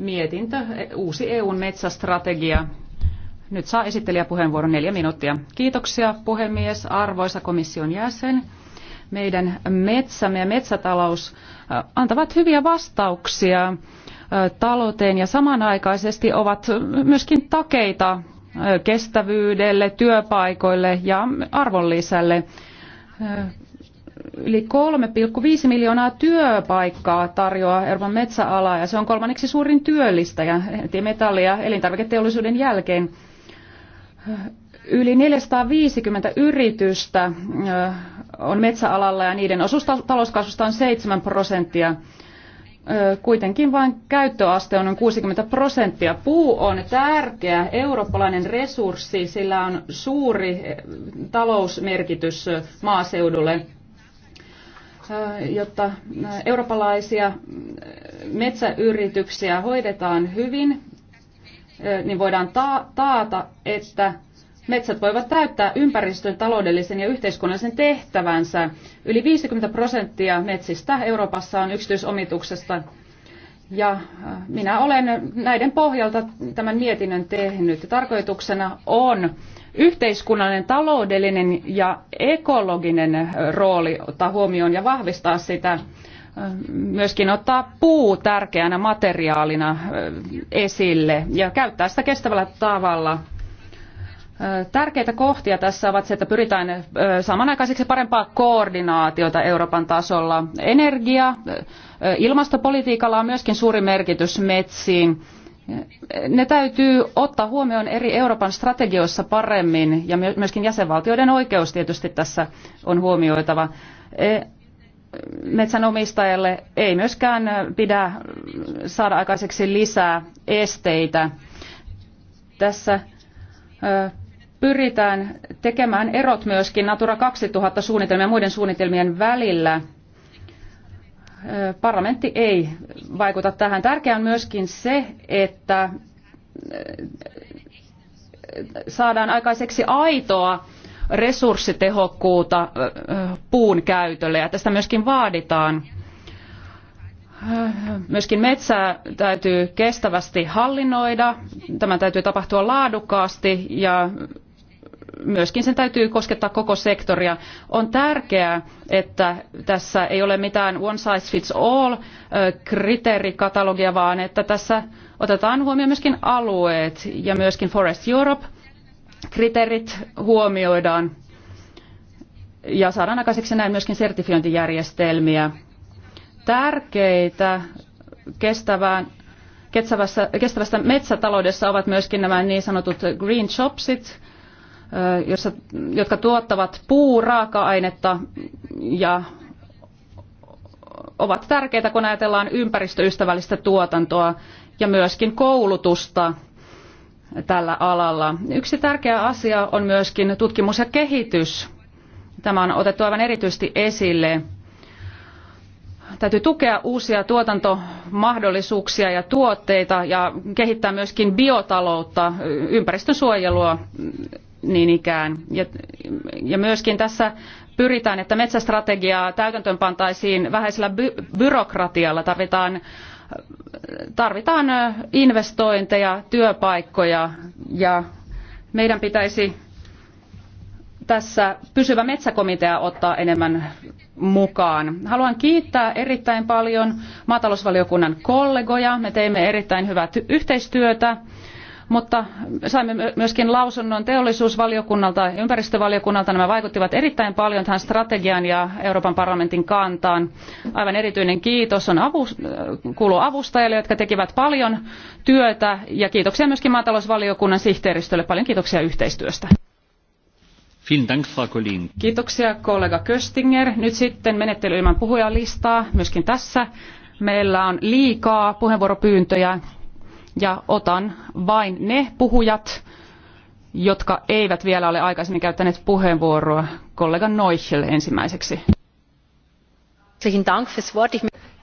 mietintö, uusi EUn metsästrategia. Nyt saa esittelijä puheenvuoron neljä minuuttia. Kiitoksia puhemies, arvoisa komission jäsen. Meidän metsämme ja metsätalous äh, antavat hyviä vastauksia äh, talouteen ja samanaikaisesti ovat myöskin takeita äh, kestävyydelle, työpaikoille ja arvonlisälle yli 3,5 miljoonaa työpaikkaa tarjoaa Euroopan metsäalaa ja se on kolmanneksi suurin työllistäjä metalli- ja elintarviketeollisuuden jälkeen. Yli 450 yritystä on metsäalalla ja niiden osuus talouskasvusta on 7 prosenttia. Kuitenkin vain käyttöaste on noin 60 prosenttia. Puu on tärkeä eurooppalainen resurssi, sillä on suuri talousmerkitys maaseudulle Äh, jotta äh, eurooppalaisia äh, metsäyrityksiä hoidetaan hyvin, niin voidaan taata, että metsät voivat täyttää ympäristön, taloudellisen ja yhteiskunnallisen tehtävänsä. Yli 50 prosenttia metsistä Euroopassa on yksityisomituksesta ja äh, minä olen näiden pohjalta tämän mietinnön tehnyt. Tarkoituksena on yhteiskunnallinen, taloudellinen ja ekologinen äh, rooli ottaa huomioon ja vahvistaa sitä. Äh, myöskin ottaa puu tärkeänä materiaalina esille ja käyttää sitä kestävällä tavalla Tärkeitä kohtia tässä ovat se, että pyritään samanaikaiseksi parempaa koordinaatiota Euroopan tasolla. Energia, ilmastopolitiikalla on myöskin suuri merkitys metsiin. Ne täytyy ottaa huomioon eri Euroopan strategioissa paremmin ja myöskin jäsenvaltioiden oikeus tietysti tässä on huomioitava. E, metsänomistajalle ei myöskään pidä saada aikaiseksi lisää esteitä. Tässä pyritään tekemään erot myöskin Natura 2000 suunnitelmien ja muiden suunnitelmien välillä. Parlamentti ei vaikuta tähän. Tärkeää on myöskin se, että saadaan aikaiseksi aitoa resurssitehokkuutta puun käytölle ja tästä myöskin vaaditaan. Myöskin metsää täytyy kestävästi hallinnoida, tämän täytyy tapahtua laadukkaasti ja myöskin sen täytyy koskettaa koko sektoria. On tärkeää, että tässä ei ole mitään one size fits all kriteerikatalogia, vaan että tässä otetaan huomioon myöskin alueet ja myöskin Forest Europe kriteerit huomioidaan ja saadaan aikaiseksi näin myöskin sertifiointijärjestelmiä. Tärkeitä kestävään kestävästä metsätaloudessa ovat myöskin nämä niin sanotut green shopsit, jossa, jotka tuottavat puuraaka-ainetta ja ovat tärkeitä, kun ajatellaan ympäristöystävällistä tuotantoa ja myöskin koulutusta tällä alalla. Yksi tärkeä asia on myöskin tutkimus ja kehitys. Tämä on otettu aivan erityisesti esille. Täytyy tukea uusia tuotantomahdollisuuksia ja tuotteita ja kehittää myöskin biotaloutta, ympäristönsuojelua niin ikään. Ja, ja myöskin tässä pyritään, että metsästrategiaa täytäntöön pantaisiin vähäisellä by byrokratialla. Tarvitaan, tarvitaan investointeja, työpaikkoja ja meidän pitäisi tässä pysyvä metsäkomitea ottaa enemmän mukaan. Haluan kiittää erittäin paljon maatalousvaliokunnan kollegoja. Me teimme erittäin hyvää yhteistyötä mutta saimme myöskin lausunnon teollisuusvaliokunnalta ja ympäristövaliokunnalta. Nämä vaikuttivat erittäin paljon tähän strategiaan ja Euroopan parlamentin kantaan. Aivan erityinen kiitos on avu, kuuluu avustajille, jotka tekivät paljon työtä ja kiitoksia myöskin maatalousvaliokunnan sihteeristölle. Paljon kiitoksia yhteistyöstä. Kiitoksia kollega Köstinger. Nyt sitten menettely ilman puhujalistaa myöskin tässä. Meillä on liikaa puheenvuoropyyntöjä ja otan vain ne puhujat, jotka eivät vielä ole aikaisemmin käyttäneet puheenvuoroa. Kollega Noichel ensimmäiseksi.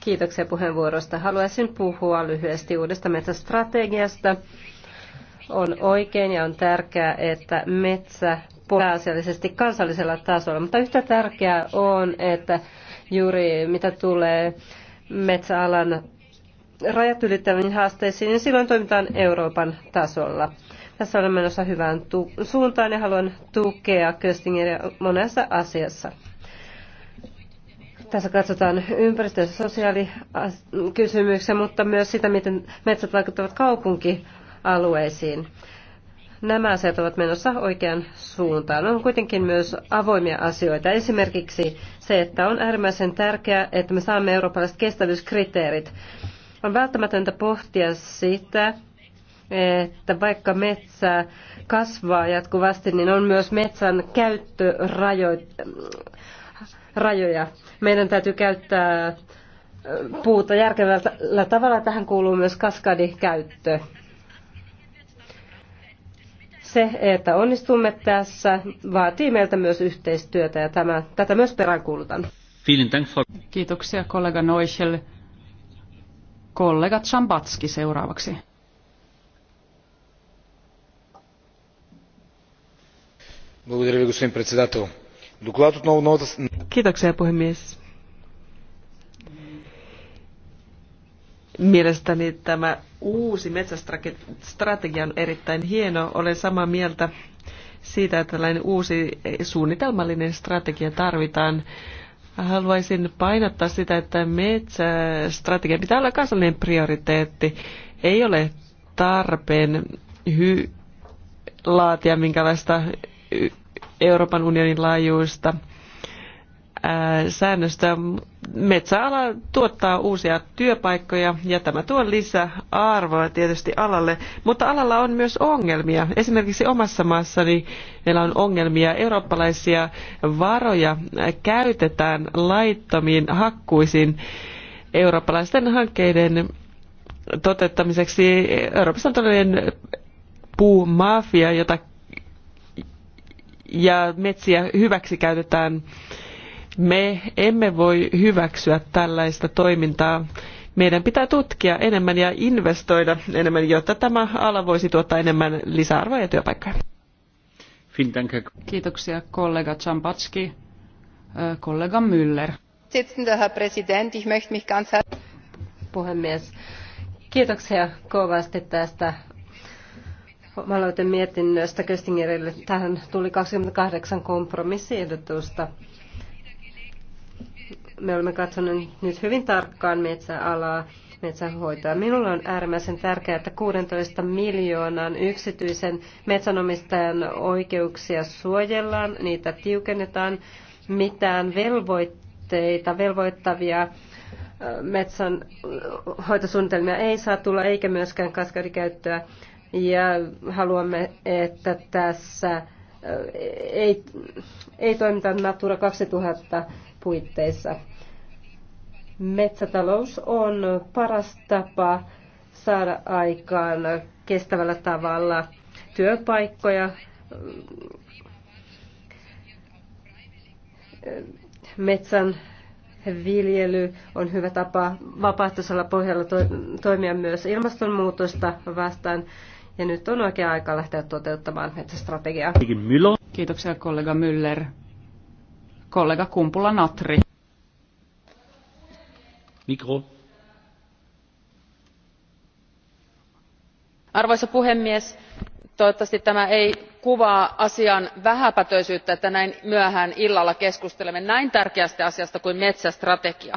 Kiitoksia puheenvuorosta. Haluaisin puhua lyhyesti uudesta metsästrategiasta. On oikein ja on tärkeää, että metsä pääasiallisesti kansallisella tasolla, mutta yhtä tärkeää on, että juuri mitä tulee metsäalan rajat ylittäviin haasteisiin, niin silloin toimitaan Euroopan tasolla. Tässä olen menossa hyvään suuntaan ja haluan tukea Köstingeria monessa asiassa. Tässä katsotaan ympäristö- ja sosiaalikysymyksiä, mutta myös sitä, miten metsät vaikuttavat kaupunkialueisiin. Nämä asiat ovat menossa oikeaan suuntaan. On kuitenkin myös avoimia asioita. Esimerkiksi se, että on äärimmäisen tärkeää, että me saamme eurooppalaiset kestävyyskriteerit on välttämätöntä pohtia sitä, että vaikka metsä kasvaa jatkuvasti, niin on myös metsän käyttörajoja. Meidän täytyy käyttää puuta järkevällä tavalla. Tähän kuuluu myös kaskadikäyttö. Se, että onnistumme tässä, vaatii meiltä myös yhteistyötä ja tämä, tätä myös peräänkuulutan. Kiitoksia kollega Noiselle. Kollegat Sambatski seuraavaksi. Kiitoksia puhemies. Mielestäni tämä uusi metsästrategia on erittäin hieno. Olen samaa mieltä siitä, että tällainen uusi suunnitelmallinen strategia tarvitaan haluaisin painottaa sitä, että metsästrategia pitää olla kansallinen prioriteetti. Ei ole tarpeen hy- laatia minkälaista Euroopan unionin laajuista säännöstä, metsäala tuottaa uusia työpaikkoja ja tämä tuo lisäarvoa tietysti alalle, mutta alalla on myös ongelmia. Esimerkiksi omassa maassani meillä on ongelmia. Eurooppalaisia varoja käytetään laittomiin hakkuisiin eurooppalaisten hankkeiden toteuttamiseksi. Euroopassa on todellinen puumafia, jota ja metsiä hyväksi käytetään me emme voi hyväksyä tällaista toimintaa. Meidän pitää tutkia enemmän ja investoida enemmän, jotta tämä ala voisi tuottaa enemmän lisäarvoa ja työpaikkoja. Kiitoksia kollega Czampatski. Kollega Müller. Puhemies, kiitoksia kovasti tästä mietinnöstä Köstingerille. Tähän tuli 28 kompromissiehdotusta me olemme katsoneet nyt hyvin tarkkaan metsäalaa, metsänhoitoa. Minulla on äärimmäisen tärkeää, että 16 miljoonan yksityisen metsänomistajan oikeuksia suojellaan, niitä tiukennetaan. Mitään velvoitteita, velvoittavia metsän hoitosuunnitelmia ei saa tulla, eikä myöskään kaskadikäyttöä. Ja haluamme, että tässä ei, ei toimita Natura 2000 puitteissa. Metsätalous on paras tapa saada aikaan kestävällä tavalla työpaikkoja, metsän viljely on hyvä tapa vapaaehtoisella pohjalla toimia myös ilmastonmuutosta vastaan. Ja nyt on oikea aika lähteä toteuttamaan metsästrategiaa. Kiitoksia kollega Müller. Kollega Kumpula Natri. Mikro. Arvoisa puhemies, toivottavasti tämä ei kuvaa asian vähäpätöisyyttä että näin myöhään illalla keskustelemme näin tärkeästä asiasta kuin metsästrategia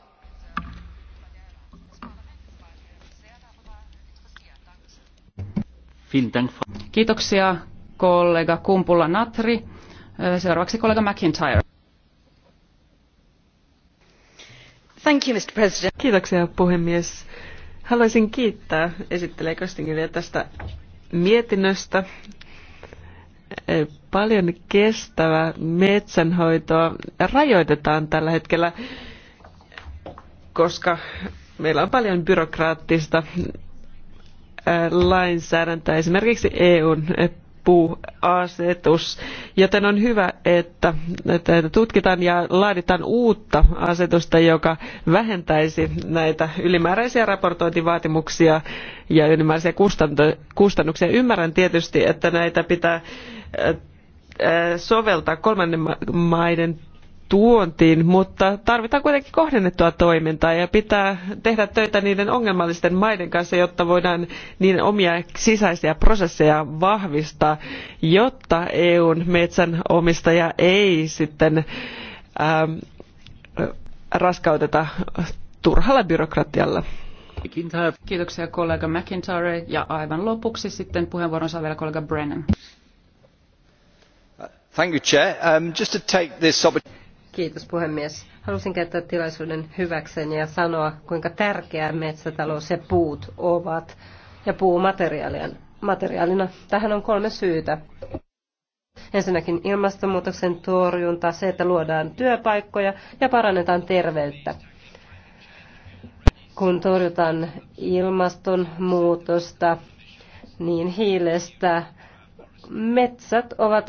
Kiitoksia kollega Kumpula Natri. Seuraavaksi kollega McIntyre. Thank you, Mr. President. Kiitoksia puhemies. Haluaisin kiittää esittelee Kostingille tästä mietinnöstä. Paljon kestävää metsänhoitoa rajoitetaan tällä hetkellä, koska meillä on paljon byrokraattista lainsäädäntöä, esimerkiksi EUn puuasetus, joten on hyvä, että tutkitaan ja laaditaan uutta asetusta, joka vähentäisi näitä ylimääräisiä raportointivaatimuksia ja ylimääräisiä kustannuksia. Ymmärrän tietysti, että näitä pitää äh, soveltaa kolmannen maiden tuontiin, mutta tarvitaan kuitenkin kohdennettua toimintaa ja pitää tehdä töitä niiden ongelmallisten maiden kanssa, jotta voidaan niiden omia sisäisiä prosesseja vahvistaa, jotta EUn metsänomistaja ei sitten ähm, raskauteta turhalla byrokratialla. Kiitoksia kollega McIntyre ja aivan lopuksi sitten puheenvuoron saa vielä kollega Brennan. Thank you, Chair. Um, just to take this opportunity Kiitos puhemies. Halusin käyttää tilaisuuden hyväkseni ja sanoa, kuinka tärkeää metsätalous ja puut ovat ja puumateriaalina. Tähän on kolme syytä. Ensinnäkin ilmastonmuutoksen torjunta, se, että luodaan työpaikkoja ja parannetaan terveyttä. Kun torjutaan ilmastonmuutosta, niin hiilestä Metsät ovat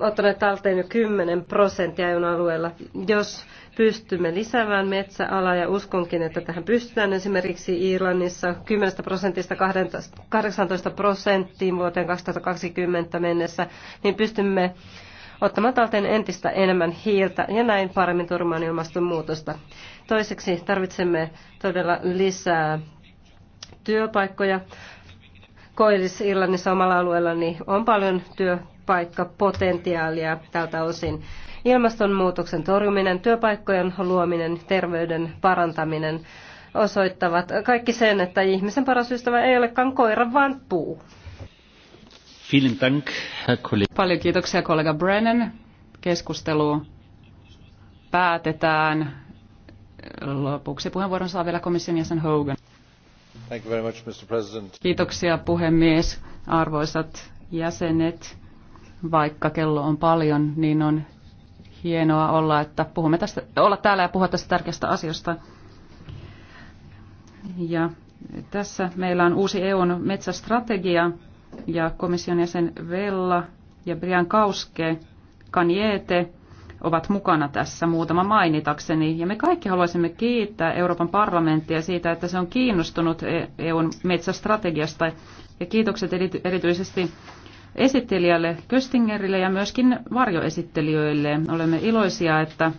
ottaneet talteen jo 10 prosenttia EUn alueella. Jos pystymme lisäämään metsäalaa ja uskonkin, että tähän pystytään esimerkiksi Irlannissa 10 prosentista 18 prosenttiin vuoteen 2020 mennessä, niin pystymme ottamaan talteen entistä enemmän hiiltä ja näin paremmin turmaan ilmastonmuutosta. Toiseksi tarvitsemme todella lisää työpaikkoja. Koillis-Irlannissa omalla niin on paljon työpaikkapotentiaalia tältä osin. Ilmastonmuutoksen torjuminen, työpaikkojen luominen, terveyden parantaminen osoittavat kaikki sen, että ihmisen paras ystävä ei olekaan koira, vaan puu. Paljon kiitoksia kollega Brennan. Keskustelu päätetään. Lopuksi puheenvuoron saa vielä komission jäsen Hogan. Kiitoksia puhemies, arvoisat jäsenet. Vaikka kello on paljon, niin on hienoa olla, että puhumme tästä, olla täällä ja puhua tästä tärkeästä asiasta. Ja tässä meillä on uusi EUn metsästrategia ja komission jäsen Vella ja Brian Kauske, Kanjete, ovat mukana tässä muutama mainitakseni. Ja me kaikki haluaisimme kiittää Euroopan parlamenttia siitä, että se on kiinnostunut e- EUn metsästrategiasta. Ja kiitokset erityisesti esittelijälle Köstingerille ja myöskin varjoesittelijöille. Olemme iloisia, että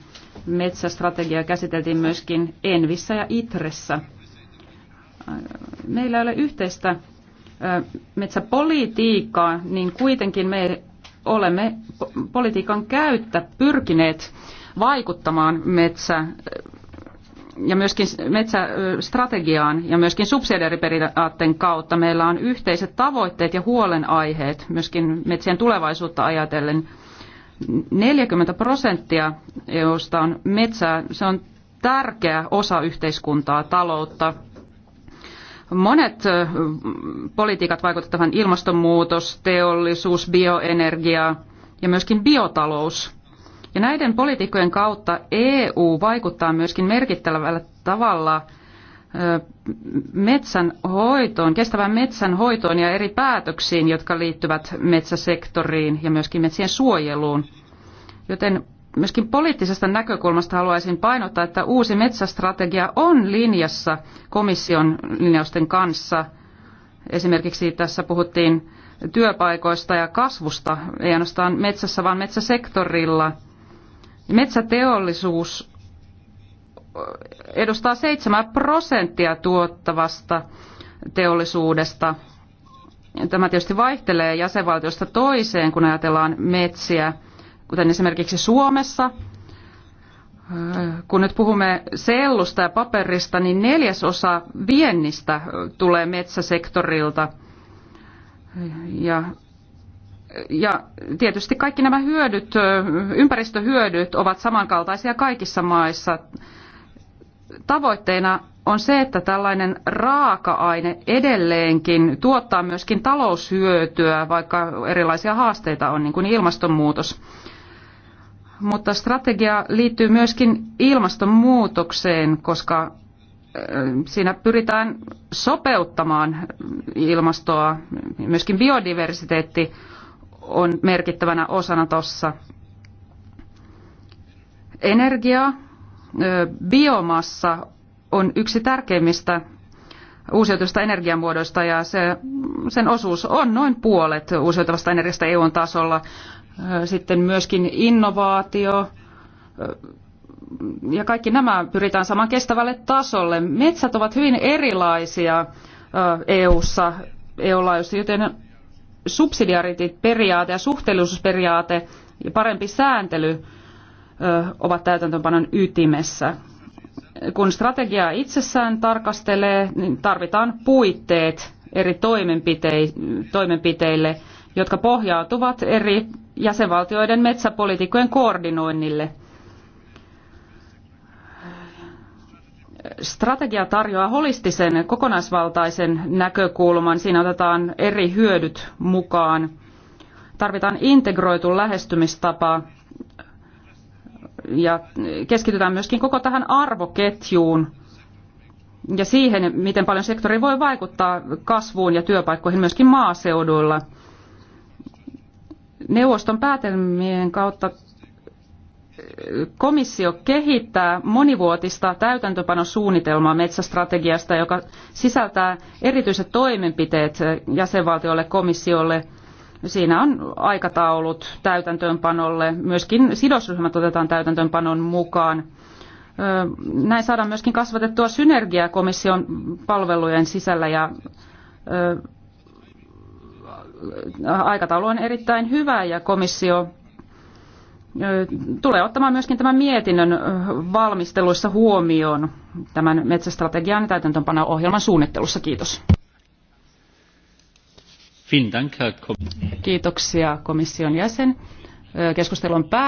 metsästrategia käsiteltiin myöskin Envissä ja Itressä. Meillä ei ole yhteistä metsäpolitiikkaa, niin kuitenkin me olemme politiikan käyttä pyrkineet vaikuttamaan metsä ja myöskin metsästrategiaan ja myöskin subsidiariperiaatteen kautta meillä on yhteiset tavoitteet ja huolenaiheet myöskin metsien tulevaisuutta ajatellen. 40 prosenttia EUsta on metsää. Se on tärkeä osa yhteiskuntaa, taloutta, Monet politiikat vaikuttavat ilmastonmuutos, teollisuus, bioenergia ja myöskin biotalous. Ja näiden politiikkojen kautta EU vaikuttaa myöskin merkittävällä tavalla metsän hoitoon, kestävään metsän hoitoon ja eri päätöksiin, jotka liittyvät metsäsektoriin ja myöskin metsien suojeluun. Joten myöskin poliittisesta näkökulmasta haluaisin painottaa, että uusi metsästrategia on linjassa komission linjausten kanssa. Esimerkiksi tässä puhuttiin työpaikoista ja kasvusta, ei ainoastaan metsässä, vaan metsäsektorilla. Metsäteollisuus edustaa 7 prosenttia tuottavasta teollisuudesta. Tämä tietysti vaihtelee jäsenvaltiosta toiseen, kun ajatellaan metsiä kuten esimerkiksi Suomessa, kun nyt puhumme sellusta ja paperista, niin neljäsosa viennistä tulee metsäsektorilta. Ja, ja tietysti kaikki nämä hyödyt, ympäristöhyödyt ovat samankaltaisia kaikissa maissa. Tavoitteena on se, että tällainen raaka-aine edelleenkin tuottaa myöskin taloushyötyä, vaikka erilaisia haasteita on, niin kuin ilmastonmuutos mutta strategia liittyy myöskin ilmastonmuutokseen, koska siinä pyritään sopeuttamaan ilmastoa. Myöskin biodiversiteetti on merkittävänä osana tuossa. Energia, biomassa on yksi tärkeimmistä uusiutuvista energiamuodoista ja se, sen osuus on noin puolet uusiutuvasta energiasta EUn tasolla sitten myöskin innovaatio ja kaikki nämä pyritään saamaan kestävälle tasolle. Metsät ovat hyvin erilaisia EU-ssa, EU-laajuisesti, joten subsidiariteettiperiaate ja suhteellisuusperiaate ja parempi sääntely ovat täytäntöönpanon ytimessä. Kun strategiaa itsessään tarkastelee, niin tarvitaan puitteet eri toimenpiteille jotka pohjautuvat eri jäsenvaltioiden metsäpolitiikkojen koordinoinnille. Strategia tarjoaa holistisen kokonaisvaltaisen näkökulman. Siinä otetaan eri hyödyt mukaan. Tarvitaan integroitu lähestymistapa ja keskitytään myöskin koko tähän arvoketjuun ja siihen, miten paljon sektori voi vaikuttaa kasvuun ja työpaikkoihin myöskin maaseuduilla – neuvoston päätelmien kautta komissio kehittää monivuotista täytäntöpanosuunnitelmaa metsästrategiasta, joka sisältää erityiset toimenpiteet jäsenvaltiolle komissiolle. Siinä on aikataulut täytäntöönpanolle, myöskin sidosryhmät otetaan täytäntöönpanon mukaan. Näin saadaan myöskin kasvatettua synergiaa komission palvelujen sisällä ja aikataulu on erittäin hyvä ja komissio tulee ottamaan myöskin tämän mietinnön valmisteluissa huomioon tämän metsästrategian täytäntöönpano ohjelman suunnittelussa. Kiitos. Kiitoksia komission jäsen. Keskustelu on päättynyt.